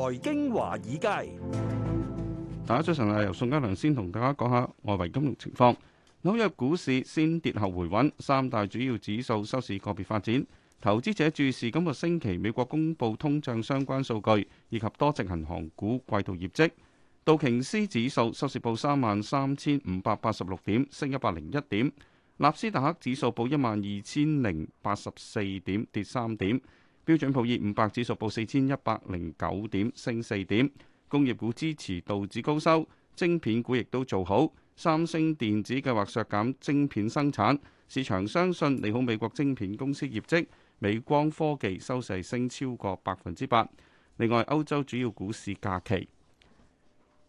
財經華爾街，大家早晨啊！由宋嘉良先同大家講下外圍金融情況。紐約股市先跌後回穩，三大主要指數收市個別發展。投資者注視今個星期美國公布通脹相關數據，以及多隻銀行股季度業績。道瓊斯指數收市報三萬三千五百八十六點，升一百零一點。納斯達克指數報一萬二千零八十四點，跌三點。標準普爾五百指數報四千一百零九點，升四點。工業股支持道指高收，晶片股亦都做好。三星電子計劃削減晶片生產，市場相信利好美國晶片公司業績。美光科技收市升超過百分之八。另外，歐洲主要股市假期，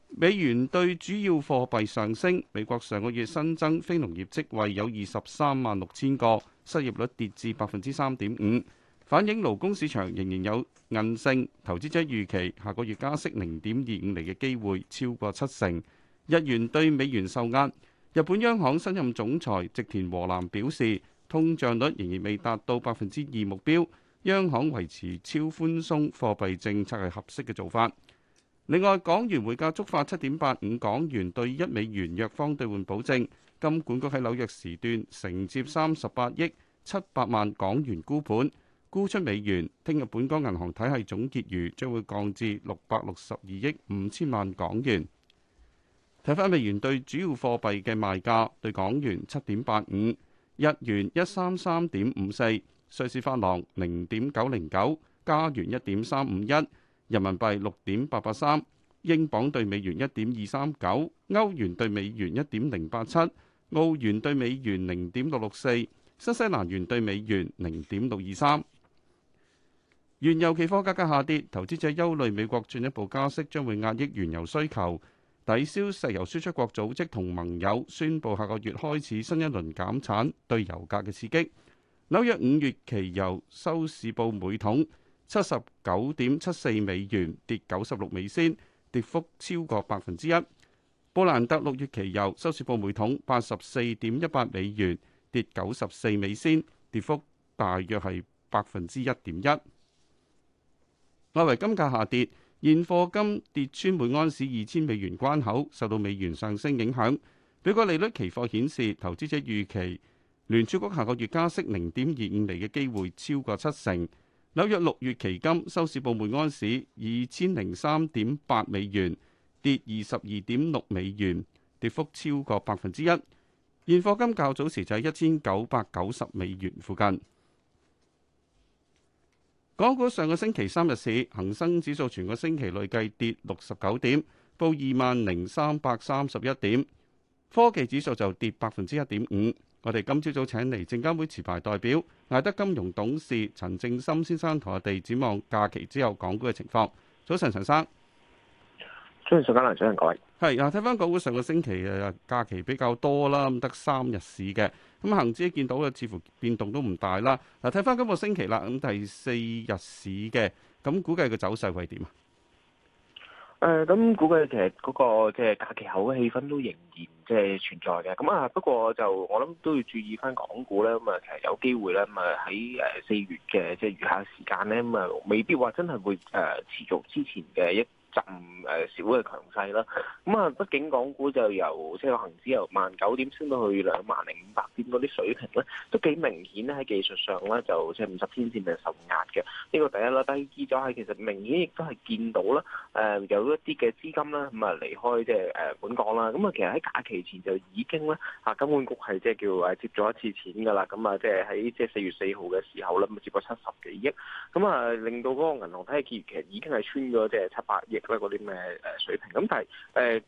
美元對主要貨幣上升。美國上個月新增非農業職位有二十三萬六千個，失業率跌至百分之三點五。反映勞工市場仍然有韌性，投資者預期下個月加息零點二五釐嘅機會超過七成。日元對美元受壓，日本央行新任總裁植田和男表示，通脹率仍然未達到百分之二目標，央行維持超寬鬆貨幣政策係合適嘅做法。另外，港元匯價觸發七點八五港元對一美元弱方兌換保證，金管局喺紐約時段承接三十八億七百萬港元沽盤。沽出美元，聽日本港銀行體系總結餘將會降至六百六十二億五千萬港元。睇翻美元對主要貨幣嘅賣價，對港元七點八五，日元一三三點五四，瑞士法郎零點九零九，加元一點三五一，人民幣六點八八三，英鎊對美元一點二三九，歐元對美元一點零八七，澳元對美元零點六六四，新西蘭元對美元零點六二三。原油期貨價格下跌，投資者憂慮美國進一步加息，將會壓抑原油需求，抵消石油輸出國組織同盟友宣布下個月開始新一輪減產對油價嘅刺激。紐約五月期油收市報每桶七十九點七四美元，跌九十六美仙，跌幅超過百分之一。布蘭特六月期油收市報每桶八十四點一八美元，跌九十四美仙，跌幅大約係百分之一點一。外圍金價下跌，現貨金跌穿每安士二千美元關口，受到美元上升影響。美國利率期貨顯示，投資者預期聯儲局下個月加息零點二五厘嘅機會超過七成。紐約六月期金收市報每安士二千零三點八美元，跌二十二點六美元，跌幅超過百分之一。現貨金較早時就喺一千九百九十美元附近。港股上個星期三日市，恒生指數全個星期累計跌六十九點，報二萬零三百三十一點。科技指數就跌百分之一點五。我哋今朝早請嚟證監會持牌代表，艾德金融董事陳正森先生同我哋展望假期之後港股嘅情況。早晨，陳生。即係上間流水各位。係嗱，睇翻港股上個星期嘅假期比較多啦，咁得三日市嘅。咁恆指見到咧，似乎變動都唔大啦。嗱，睇翻今個星期啦，咁第四日市嘅，咁估計個走勢會點啊？誒、呃，咁估計其實嗰個即係假期後嘅氣氛都仍然即係存在嘅。咁啊，不過就我諗都要注意翻港股咧。咁啊，其實有機會咧，咁啊喺誒四月嘅即係餘下時間咧，咁啊未必話真係會誒持續之前嘅一浸誒少嘅強勢啦，咁啊，畢竟港股就由即係個恆指由萬九點升到去兩萬零五百點嗰啲水平咧，都幾明顯咧喺技術上咧就即係五十天線定係受壓嘅，呢個第一啦。第二就係其實明顯亦都係見到咧，誒有一啲嘅資金咧咁啊離開即係誒本港啦。咁啊，其實喺假期前就已經咧啊，金管局係即係叫誒接咗一次錢噶啦。咁啊，即係喺即係四月四號嘅時候咧，咁接咗七十幾億，咁啊令到嗰個銀行體系結餘其實已經係穿咗即係七八億。關於嗰啲咩誒水平咁，但係誒、呃、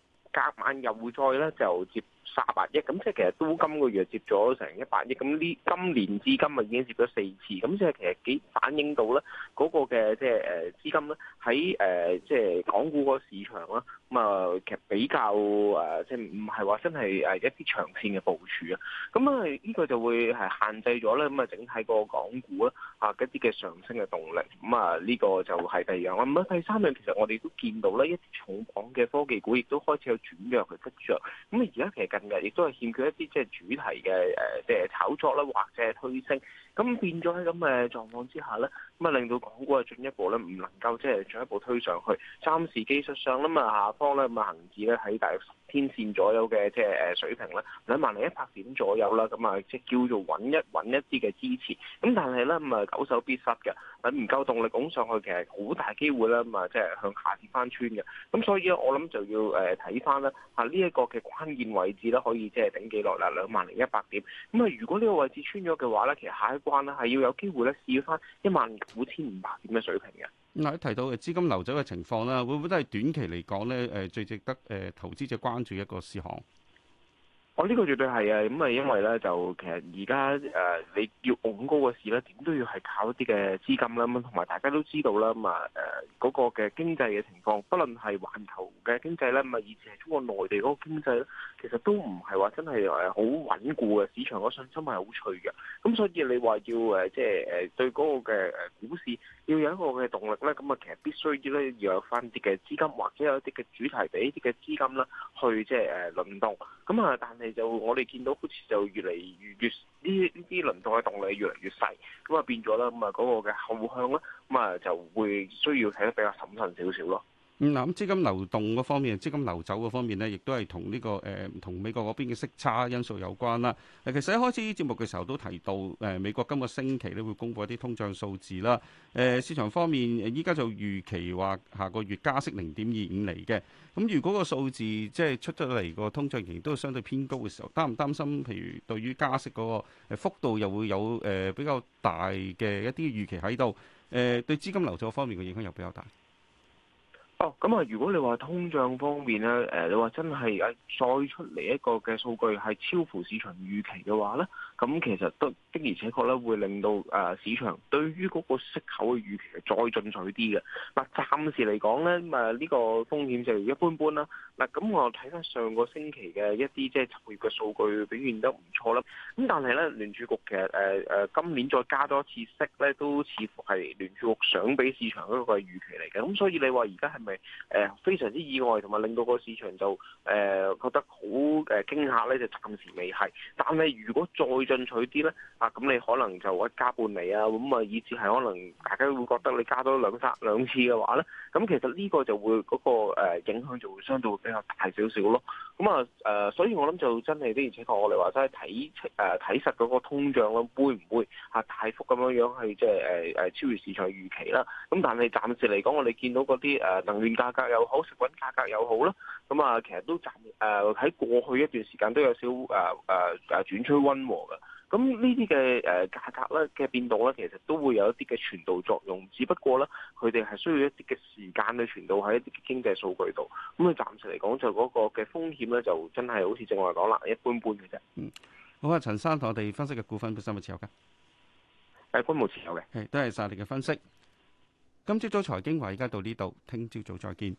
隔晚又會再咧就接。三十八億咁即係其實都今個月接咗成一百億，咁呢今年至今啊已經接咗四次，咁即係其實幾反映到咧嗰個嘅即係誒資金咧喺誒即係港股個市場啦，咁啊其實比較誒即係唔係話真係誒一啲長線嘅部署啊，咁啊呢個就會係限制咗咧咁啊整體個港股啊啊一啲嘅上升嘅動力，咁啊呢個就係第二樣啊，第三樣，其實我哋都見到咧一啲重磅嘅科技股亦都開始有轉弱嘅跡象，咁而家其實。近嘅，亦都係欠缺一啲即係主題嘅誒，即係炒作啦，或者係推升，咁變咗喺咁嘅狀況之下咧，咁啊令到港股啊進一步咧唔能夠即係進一步推上去，暫時技術上啦，咁下方咧咁啊恒指咧喺大約。天線左右嘅即係誒水平咧，兩萬零一百點左右啦，咁啊即係叫做揾一揾一啲嘅支持，咁但係咧咁啊久守必失嘅，揾唔夠動力拱上去，其實好大機會咧，咁啊即係向下跌翻穿嘅，咁所以咧我諗就要誒睇翻咧啊呢一個嘅關鍵位置咧，可以即係頂幾耐啦，兩萬零一百點，咁啊如果呢個位置穿咗嘅話咧，其實下一關咧係要有機會咧試翻一萬五千五百點嘅水平嘅。提到資金流走嘅情況啦，會唔會都係短期嚟講最值得投資者關注的一個事項？我、哦、呢、這個絕對係啊，咁、嗯、啊，因為咧就其實而家誒你要拱高嘅市咧，點都要係靠一啲嘅資金啦，咁同埋大家都知道啦，咁啊嗰個嘅經濟嘅情況，不論係環球嘅經濟咧，咁啊以前係中國內地嗰個經濟咧，其實都唔係話真係好穩固嘅市場嗰信心係好脆嘅，咁所以你話要即係誒對嗰個嘅股市要有一個嘅動力咧，咁啊其實必須要咧要有翻啲嘅資金，或者有啲嘅主題俾啲嘅資金啦去即係誒輪動，咁啊但就我哋見到，好似就越嚟越越呢呢啲輪動嘅動力越嚟越細，咁啊變咗啦，咁啊嗰個嘅後向咧，咁啊就會需要睇得比較審慎少少咯。咁資金流動嗰方面，資金流走嗰方面呢，亦都係同呢、呢個唔、呃、同美國嗰邊嘅息差因素有關啦。其實一開始節目嘅時候都提到，呃、美國今個星期咧會公布一啲通脹數字啦。呃、市場方面，依、呃、家就預期話下個月加息零點二五厘嘅。咁、嗯、如果個數字即係出咗嚟個通脹仍然都係相對偏高嘅時候，擔唔擔心？譬如對於加息嗰、嗰個、呃、幅度又會有、呃、比較大嘅一啲預期喺度。誒、呃、對資金流走方面嘅影響又比較大。哦，咁啊，如果你話通脹方面咧，誒，你話真係誒再出嚟一個嘅數據，係超乎市場預期嘅話咧，咁其實都。的，而且確會令到誒市場對於嗰個息口嘅預期係再進取啲嘅。嗱，暫時嚟講咧，咁啊呢個風險就一般般啦。嗱，咁我睇翻上個星期嘅一啲即係就業嘅數據表現得唔錯啦。咁但係咧聯儲局其實誒誒今年再加多一次息咧，都似乎係聯儲局想俾市場嗰個預期嚟嘅。咁所以你話而家係咪誒非常之意外，同埋令到個市場就誒覺得好誒驚嚇咧？就暫時未係。但係如果再進取啲咧？咁你可能就一加半釐啊，咁啊，以至係可能大家會覺得你加多兩三兩次嘅話咧，咁其實呢個就會嗰個影響就會相對比較大少少咯。咁啊所以我諗就真係的而且確我，我哋話齋睇睇實嗰個通脹咧，會唔會啊大幅咁樣去即係超越市場嘅預期啦。咁但係暫時嚟講，我哋見到嗰啲能源價格又好，食品價格又好啦，咁啊，其實都暫誒喺過去一段時間都有少誒誒、啊啊、轉趨溫和嘅。咁呢啲嘅誒價格咧嘅變動咧，其實都會有一啲嘅傳導作用，只不過咧佢哋係需要一啲嘅時間去傳導喺一啲經濟數據度。咁啊，暫時嚟講就嗰個嘅風險咧，就真係好似正話講啦，一般般嘅啫。嗯，好啊，陳生同我哋分析嘅股份係冇持有嘅，係冇持有嘅，係多謝晒你嘅分析。今朝早財經華，而家到呢度，聽朝早再見。